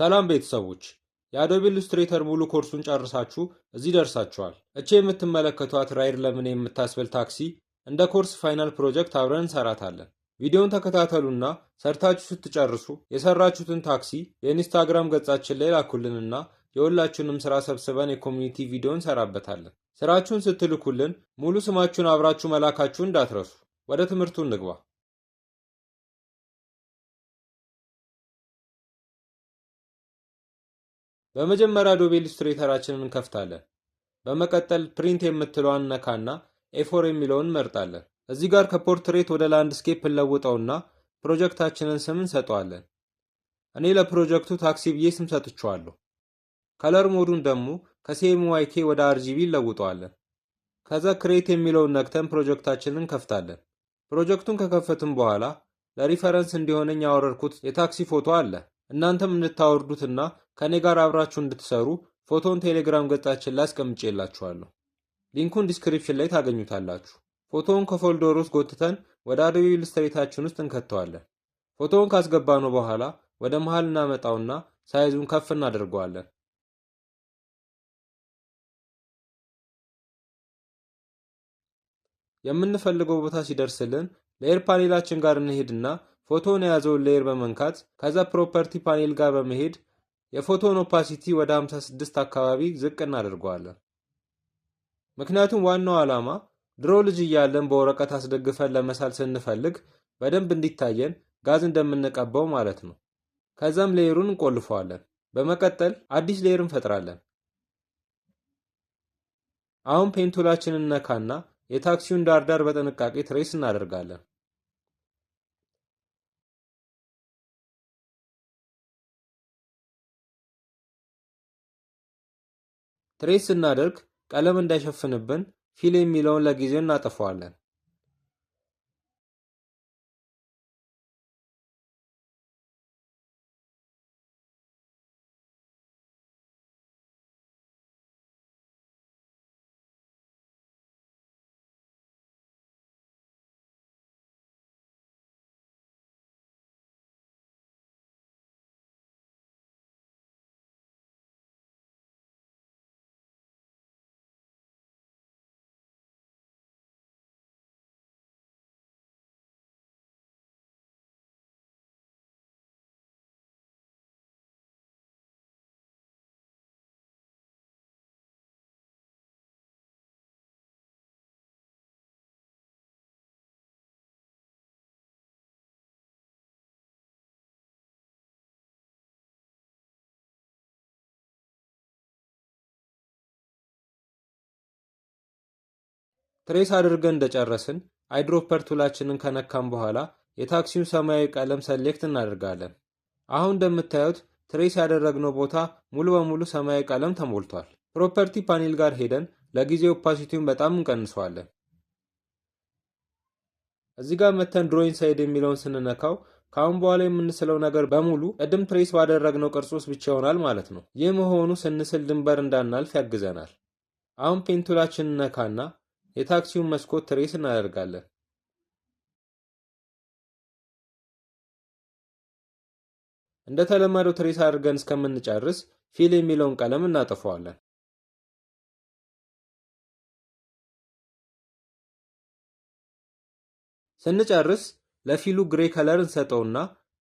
ሰላም ቤተሰቦች የአዶቢ ኢሉስትሬተር ሙሉ ኮርሱን ጨርሳችሁ እዚህ ደርሳችኋል። እቺ የምትመለከቷት ራይድ ለምን የምታስብል ታክሲ እንደ ኮርስ ፋይናል ፕሮጀክት አብረን እንሰራታለን። ቪዲዮውን ተከታተሉና ሰርታችሁ ስትጨርሱ የሰራችሁትን ታክሲ የኢንስታግራም ገጻችን ላይ ላኩልንና የሁላችሁንም ስራ ሰብስበን የኮሚኒቲ ቪዲዮ እንሰራበታለን። ስራችሁን ስትልኩልን ሙሉ ስማችሁን አብራችሁ መላካችሁ እንዳትረሱ። ወደ ትምህርቱ እንግባ። በመጀመሪያ አዶቢ ኢሉስትሬተራችንን እንከፍታለን። በመቀጠል ፕሪንት የምትለዋን ነካና ኤፎር የሚለውን እንመርጣለን። እዚህ ጋር ከፖርትሬት ወደ ላንድስኬፕ እንለውጠውና ፕሮጀክታችንን ስም እንሰጠዋለን። እኔ ለፕሮጀክቱ ታክሲ ብዬ ስም ሰጥቼዋለሁ። ከለር ሞዱን ደግሞ ከሲኤምዋይኬ ወደ አርጂቢ እንለውጠዋለን። ከዛ ክሬት የሚለውን ነክተን ፕሮጀክታችንን እንከፍታለን። ፕሮጀክቱን ከከፈትም በኋላ ለሪፈረንስ እንዲሆነኝ ያወረድኩት የታክሲ ፎቶ አለ። እናንተም እንድታወርዱትና ከኔ ጋር አብራችሁ እንድትሰሩ ፎቶን ቴሌግራም ገጻችን ላይ አስቀምጬላችኋለሁ። ሊንኩን ዲስክሪፕሽን ላይ ታገኙታላችሁ። ፎቶውን ከፎልደር ውስጥ ጎትተን ወደ አዶቢ ኢሉስትሬታችን ውስጥ እንከተዋለን። ፎቶውን ካስገባነው በኋላ ወደ መሃል እናመጣውና ሳይዙን ከፍ እናደርገዋለን። የምንፈልገው ቦታ ሲደርስልን ለኤር ፓኔላችን ጋር እንሄድና ፎቶን የያዘውን ሌየር በመንካት ከዛ ፕሮፐርቲ ፓኔል ጋር በመሄድ የፎቶን ኦፓሲቲ ወደ 56 አካባቢ ዝቅ እናደርገዋለን። ምክንያቱም ዋናው ዓላማ ድሮ ልጅ እያለን በወረቀት አስደግፈን ለመሳል ስንፈልግ በደንብ እንዲታየን ጋዝ እንደምንቀባው ማለት ነው። ከዛም ሌየሩን እንቆልፈዋለን። በመቀጠል አዲስ ሌየር እንፈጥራለን። አሁን ፔንቱላችንን ነካና የታክሲውን ዳርዳር በጥንቃቄ ትሬስ እናደርጋለን። ትሬስ ስናደርግ ቀለም እንዳይሸፍንብን ፊል የሚለውን ለጊዜው እናጠፈዋለን። ትሬስ አድርገን እንደጨረስን አይድሮፐር ቱላችንን ከነካም በኋላ የታክሲውን ሰማያዊ ቀለም ሰሌክት እናደርጋለን። አሁን እንደምታዩት ትሬስ ያደረግነው ቦታ ሙሉ በሙሉ ሰማያዊ ቀለም ተሞልቷል። ፕሮፐርቲ ፓኔል ጋር ሄደን ለጊዜው ኦፓሲቲውን በጣም እንቀንሰዋለን። እዚህ ጋር መተን ድሮይን ሳይድ የሚለውን ስንነካው ከአሁን በኋላ የምንስለው ነገር በሙሉ ቅድም ትሬስ ባደረግነው ቅርጽ ውስጥ ብቻ ይሆናል ማለት ነው። ይህ መሆኑ ስንስል ድንበር እንዳናልፍ ያግዘናል። አሁን ፔንቱላችን እነካና የታክሲውን መስኮት ትሬስ እናደርጋለን እንደተለመደው ትሬስ አድርገን እስከምንጨርስ ፊል የሚለውን ቀለም እናጥፈዋለን። ስንጨርስ ለፊሉ ግሬ ከለር እንሰጠውና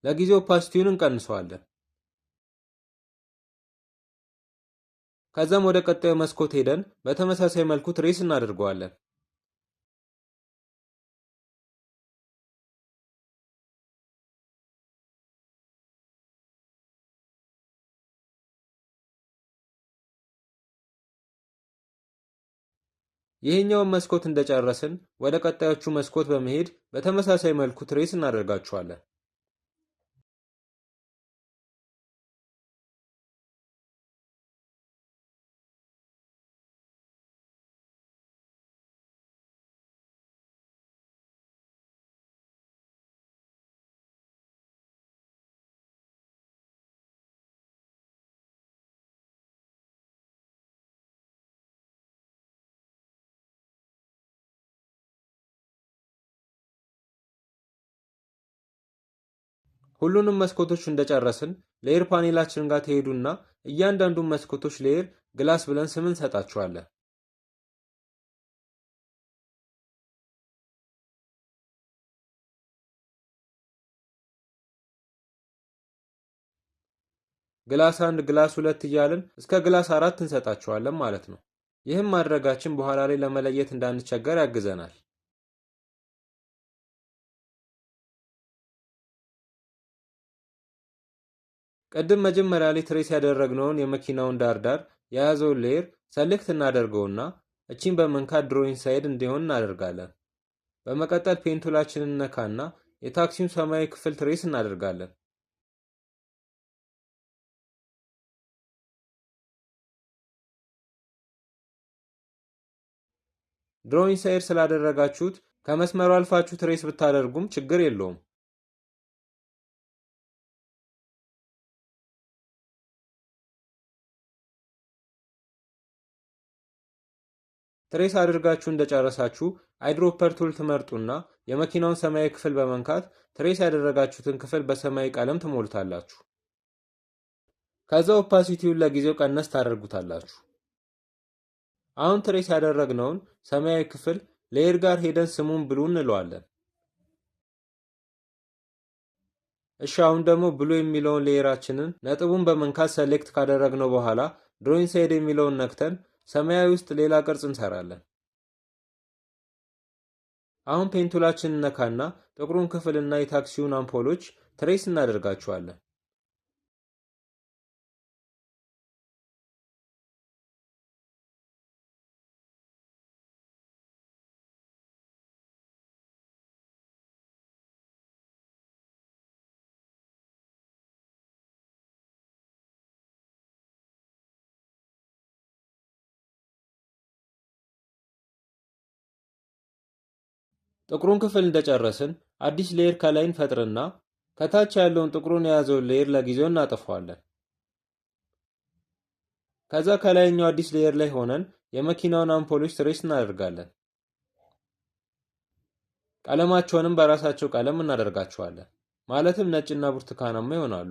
ለጊዜው ፓስቲውን እንቀንሰዋለን። ከዛም ወደ ቀጣዩ መስኮት ሄደን በተመሳሳይ መልኩ ትሬስ እናደርገዋለን። ይህኛውን መስኮት እንደጨረስን ወደ ቀጣዮቹ መስኮት በመሄድ በተመሳሳይ መልኩ ትሬስ እናደርጋቸዋለን። ሁሉንም መስኮቶች እንደጨረስን ለኤር ፓኔላችን ጋር ትሄዱና እያንዳንዱን መስኮቶች ለኤር ግላስ ብለን ስም እንሰጣቸዋለን። ግላስ አንድ ግላስ ሁለት እያልን እስከ ግላስ አራት እንሰጣቸዋለን ማለት ነው። ይህም ማድረጋችን በኋላ ላይ ለመለየት እንዳንቸገር ያግዘናል። ቅድም መጀመሪያ ላይ ትሬስ ያደረግነውን የመኪናውን ዳርዳር የያዘውን ሌየር ሰልክት እናደርገውና እቺን በመንካት ድሮይን ሳይድ እንዲሆን እናደርጋለን። በመቀጠል ፔንቱላችንን ነካና የታክሲውን ሰማያዊ ክፍል ትሬስ እናደርጋለን። ድሮይን ሳይድ ስላደረጋችሁት ከመስመሩ አልፋችሁ ትሬስ ብታደርጉም ችግር የለውም። ትሬስ አድርጋችሁ እንደጨረሳችሁ አይድሮፐር ቱል ትመርጡና የመኪናውን ሰማያዊ ክፍል በመንካት ትሬስ ያደረጋችሁትን ክፍል በሰማያዊ ቀለም ትሞልታላችሁ። ከዛ ኦፓሲቲውን ለጊዜው ቀነስ ታደርጉታላችሁ። አሁን ትሬስ ያደረግነውን ሰማያዊ ክፍል ሌየር ጋር ሄደን ስሙን ብሉ እንለዋለን። እሺ አሁን ደግሞ ብሉ የሚለውን ሌየራችንን ነጥቡን በመንካት ሰሌክት ካደረግነው በኋላ ድሮይን ሳይድ የሚለውን ነክተን ሰማያዊ ውስጥ ሌላ ቅርጽ እንሰራለን። አሁን ፔንቱላችን እነካና ጥቁሩን ክፍልና የታክሲውን አምፖሎች ትሬስ እናደርጋቸዋለን። ጥቁሩን ክፍል እንደጨረስን አዲስ ሌየር ከላይ እንፈጥርና ከታች ያለውን ጥቁሩን የያዘውን ሌየር ለጊዜው እናጠፋዋለን። ከዛ ከላይኛው አዲስ ሌየር ላይ ሆነን የመኪናውን አምፖሎች ትሬስ እናደርጋለን። ቀለማቸውንም በራሳቸው ቀለም እናደርጋቸዋለን። ማለትም ነጭና ብርቱካናማ ይሆናሉ።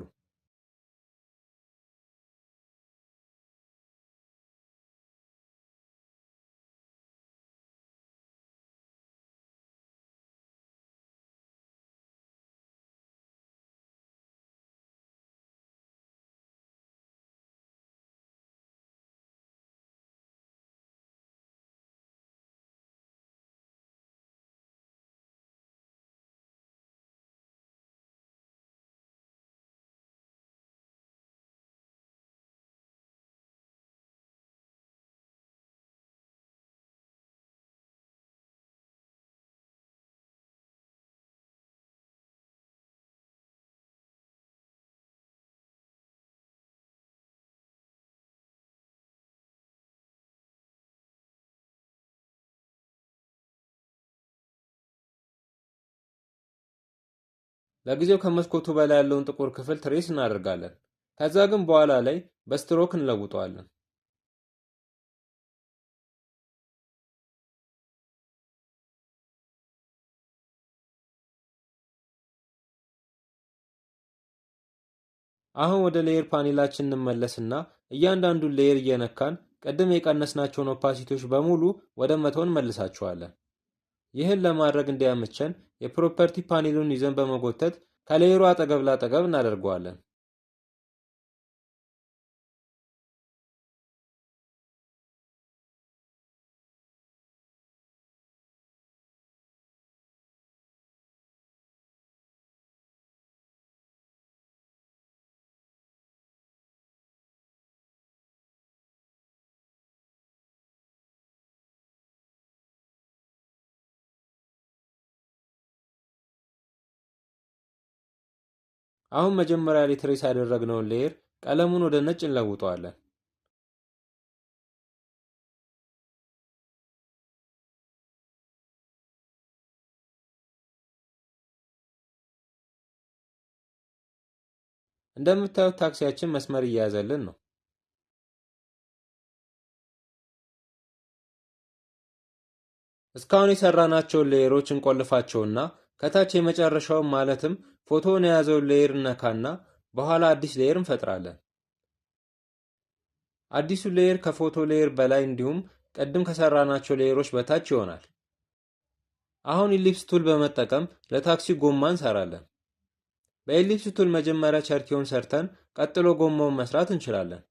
ለጊዜው ከመስኮቱ በላይ ያለውን ጥቁር ክፍል ትሬስ እናደርጋለን። ከዛ ግን በኋላ ላይ በስትሮክ እንለውጠዋለን። አሁን ወደ ሌየር ፓኔላችን እንመለስና እያንዳንዱን ሌየር እየነካን ቅድም የቀነስናቸውን ኦፓሲቲዎች በሙሉ ወደ መቶ እንመልሳቸዋለን። ይህን ለማድረግ እንዲያመቸን የፕሮፐርቲ ፓኔሉን ይዘን በመጎተት ከሌየሩ አጠገብ ላጠገብ እናደርገዋለን። አሁን መጀመሪያ ላይ ትሬስ ያደረግነውን ሌየር ቀለሙን ወደ ነጭ እንለውጠዋለን። እንደምታዩት ታክሲያችን መስመር እየያዘልን ነው። እስካሁን የሰራናቸውን ሌየሮች እንቆልፋቸውና ከታች የመጨረሻውን ማለትም ፎቶውን የያዘውን ሌየር እነካና በኋላ አዲስ ሌየር እንፈጥራለን። አዲሱ ሌየር ከፎቶ ሌየር በላይ እንዲሁም ቀድም ከሰራናቸው ሌየሮች በታች ይሆናል። አሁን ኢሊፕስ ቱል በመጠቀም ለታክሲ ጎማ እንሰራለን። በኢሊፕስ ቱል መጀመሪያ ቸርኪውን ሰርተን ቀጥሎ ጎማውን መስራት እንችላለን።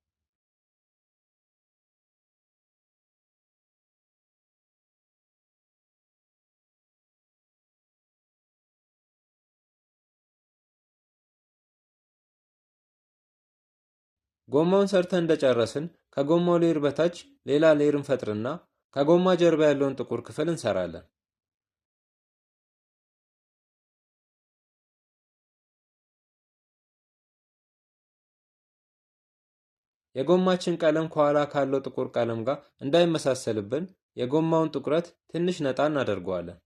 ጎማውን ሰርተን እንደጨረስን ከጎማው ሌር በታች ሌላ ሌር እንፈጥርና ከጎማ ጀርባ ያለውን ጥቁር ክፍል እንሰራለን። የጎማችን ቀለም ከኋላ ካለው ጥቁር ቀለም ጋር እንዳይመሳሰልብን የጎማውን ጥቁረት ትንሽ ነጣ እናደርገዋለን።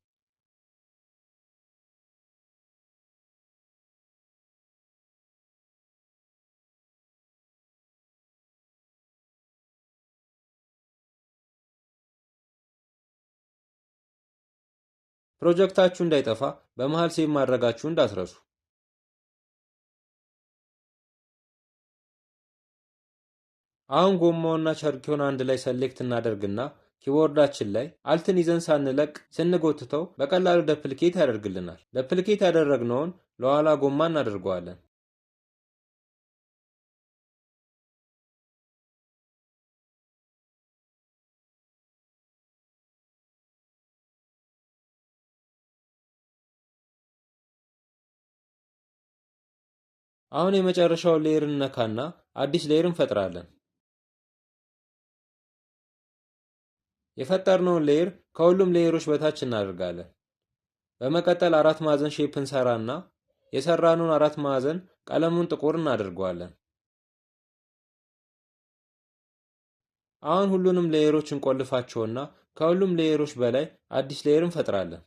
ፕሮጀክታችሁ እንዳይጠፋ በመሃል ሴቭ ማድረጋችሁ እንዳትረሱ። አሁን ጎማውና ቸርኪውን አንድ ላይ ሰሌክት እናደርግና ኪቦርዳችን ላይ አልትን ይዘን ሳንለቅ ስንጎትተው በቀላሉ ደፕሊኬት ያደርግልናል። ደፕሊኬት ያደረግነውን ለኋላ ጎማ እናደርገዋለን። አሁን የመጨረሻውን ሌየር እንነካና አዲስ ሌየር እንፈጥራለን። የፈጠርነውን ሌየር ከሁሉም ሌየሮች በታች እናደርጋለን። በመቀጠል አራት ማዕዘን ሼፕ እንሰራና የሰራነውን አራት ማዕዘን ቀለሙን ጥቁር እናደርገዋለን። አሁን ሁሉንም ሌየሮች እንቆልፋቸውና ከሁሉም ሌየሮች በላይ አዲስ ሌየር እንፈጥራለን።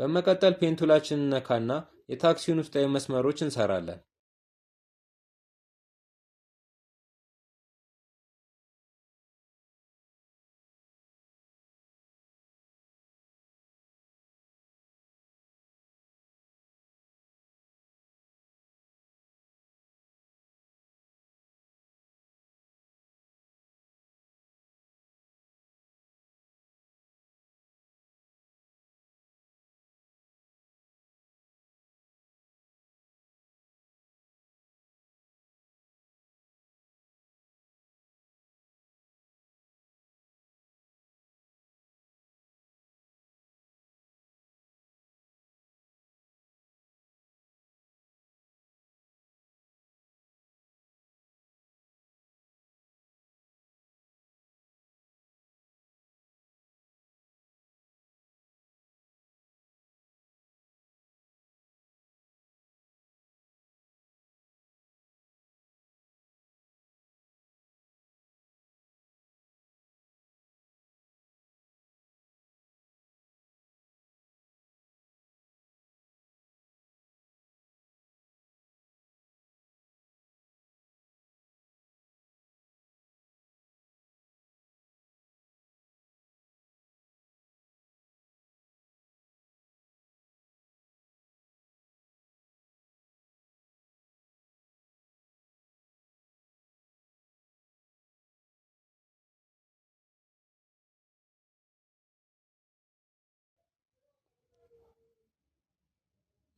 በመቀጠል ፔንቱላችንን ነካና የታክሲውን ውስጣዊ መስመሮች እንሰራለን።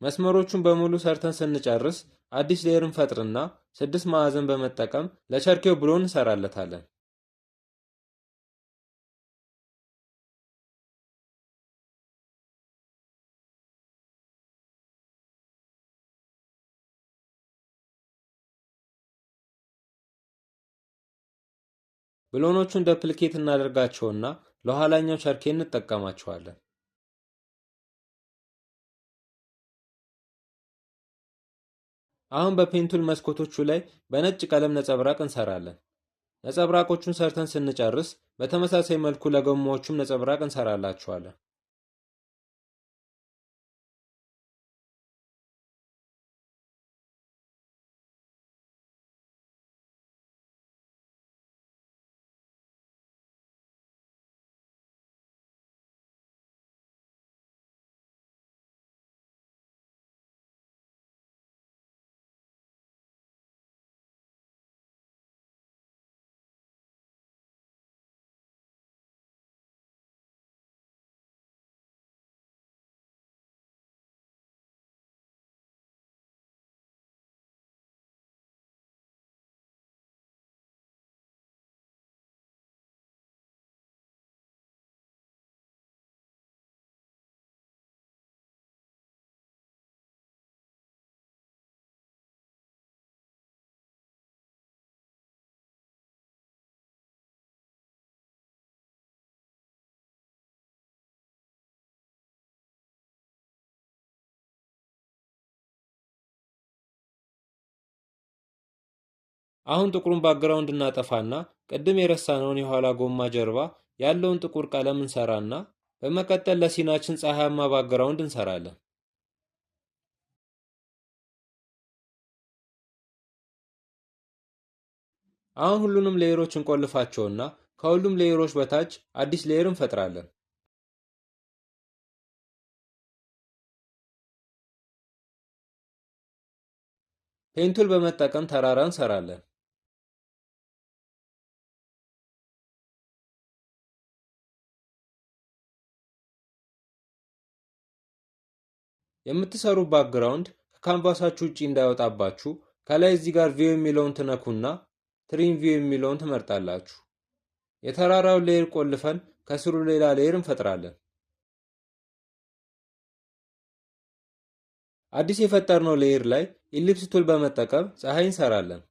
መስመሮቹን በሙሉ ሰርተን ስንጨርስ አዲስ ሌየርን ፈጥርና ስድስት ማዕዘን በመጠቀም ለቸርኬው ብሎን እንሰራለታለን። ብሎኖቹን ደፕልኬት እናደርጋቸውና ለኋላኛው ቸርኬ እንጠቀማቸዋለን። አሁን በፔንቱል መስኮቶቹ ላይ በነጭ ቀለም ነጸብራቅ እንሰራለን። ነጸብራቆቹን ሰርተን ስንጨርስ በተመሳሳይ መልኩ ለጎማዎቹም ነጸብራቅ እንሰራላቸዋለን። አሁን ጥቁሩን ባክግራውንድ እናጠፋና ቅድም የረሳነውን የኋላ ጎማ ጀርባ ያለውን ጥቁር ቀለም እንሰራና በመቀጠል ለሲናችን ፀሐያማ ባክግራውንድ እንሰራለን። አሁን ሁሉንም ሌየሮች እንቆልፋቸውና ከሁሉም ሌየሮች በታች አዲስ ሌየር እንፈጥራለን። ፔንቱል በመጠቀም ተራራ እንሰራለን። የምትሰሩ ባክግራውንድ ከካንቫሳችሁ ውጪ እንዳይወጣባችሁ ከላይ እዚህ ጋር ቪው የሚለውን ትነኩና ትሪም ቪው የሚለውን ትመርጣላችሁ። የተራራውን ሌየር ቆልፈን ከስሩ ሌላ ሌየር እንፈጥራለን። አዲስ የፈጠርነው ሌየር ላይ ኢሊፕስ ቱል በመጠቀም ፀሐይ እንሰራለን።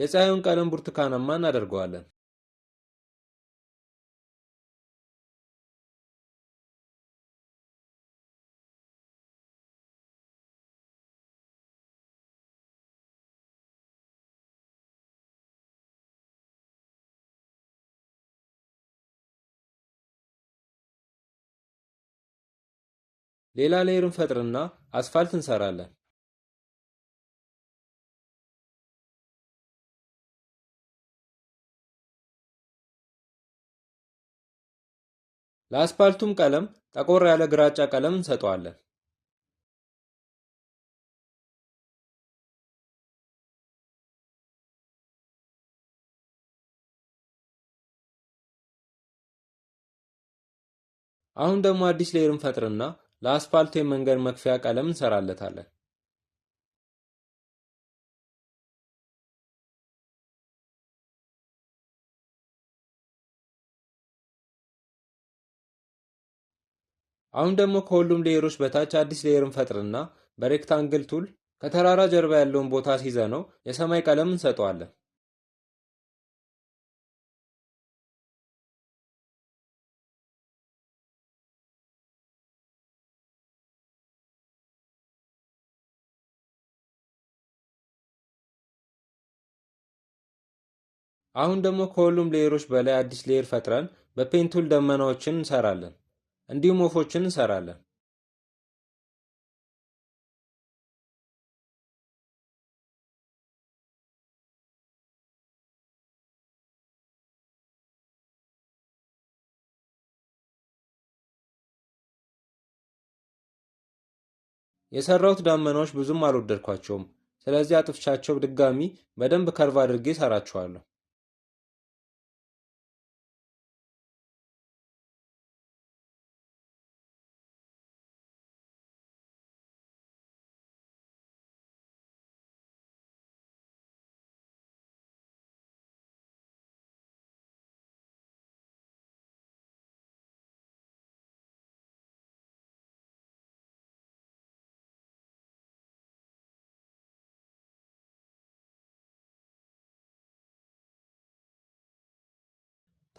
የፀሐዩን ቀለም ብርቱካናማ እናደርገዋለን። ሌላ ሌየር ፈጥርና አስፋልት እንሰራለን። ለአስፓልቱም ቀለም ጠቆር ያለ ግራጫ ቀለም እንሰጠዋለን። አሁን ደግሞ አዲስ ሌየር እንፈጥርና ለአስፓልቱ የመንገድ መክፈያ ቀለም እንሰራለታለን። አሁን ደግሞ ከሁሉም ሌየሮች በታች አዲስ ሌየርን ፈጥርና በሬክታንግል ቱል ከተራራ ጀርባ ያለውን ቦታ ሲዘ ነው የሰማይ ቀለም እንሰጠዋለን። አሁን ደግሞ ከሁሉም ሌየሮች በላይ አዲስ ሌየር ፈጥረን በፔንቱል ደመናዎችን እንሰራለን። እንዲሁም ወፎችን እንሰራለን። የሰራሁት ደመናዎች ብዙም አልወደድኳቸውም። ስለዚህ አጥፍቻቸው ድጋሚ በደንብ ከርቭ አድርጌ እሰራቸዋለሁ።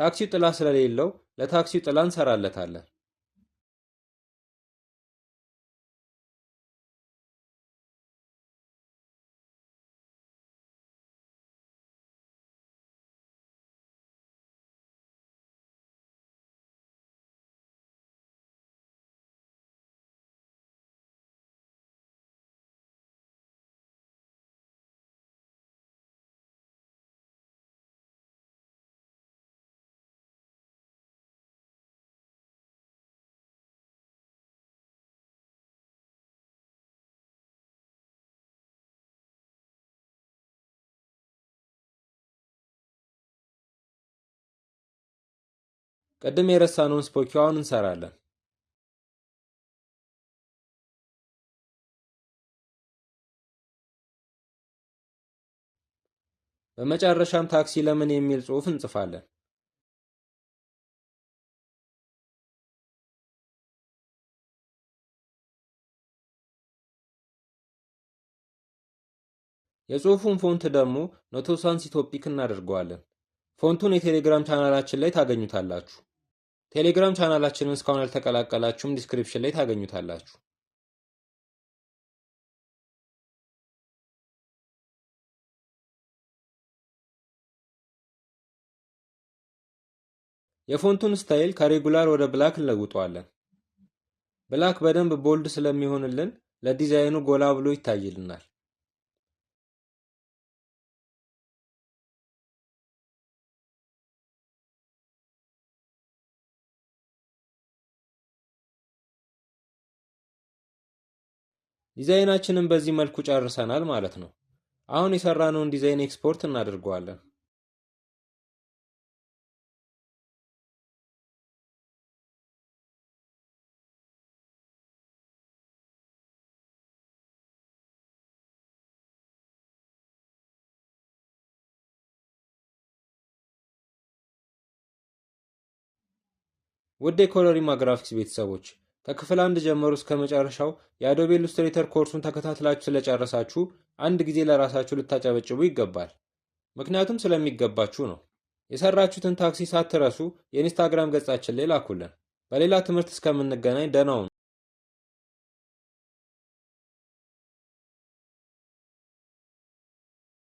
ታክሲው ጥላ ስለሌለው ለታክሲው ጥላ እንሰራለታለን። ቅድም የረሳነውን ስፖኪዋን እንሰራለን። በመጨረሻም ታክሲ ለምን የሚል ጽሑፍ እንጽፋለን። የጽሑፉን ፎንት ደግሞ ኖቶሳንስ ኢትዮጲክ እናደርገዋለን። ፎንቱን የቴሌግራም ቻናላችን ላይ ታገኙታላችሁ። ቴሌግራም ቻናላችንን እስካሁን ያልተቀላቀላችሁም ዲስክሪፕሽን ላይ ታገኙታላችሁ። የፎንቱን ስታይል ከሬጉላር ወደ ብላክ እንለውጠዋለን። ብላክ በደንብ ቦልድ ስለሚሆንልን ለዲዛይኑ ጎላ ብሎ ይታይልናል። ዲዛይናችንን በዚህ መልኩ ጨርሰናል ማለት ነው። አሁን የሰራነውን ዲዛይን ኤክስፖርት እናደርገዋለን። ወደ ኮሎሪማ ግራፊክስ ቤተሰቦች ከክፍል አንድ ጀምሮ እስከ መጨረሻው የአዶቤ ኢሉስትሬተር ኮርሱን ተከታትላችሁ ስለጨረሳችሁ አንድ ጊዜ ለራሳችሁ ልታጨበጭቡ ይገባል። ምክንያቱም ስለሚገባችሁ ነው። የሰራችሁትን ታክሲ ሳትረሱ የኢንስታግራም ገጻችን ላይ ላኩልን። በሌላ ትምህርት እስከምንገናኝ ደህና ሁኑ።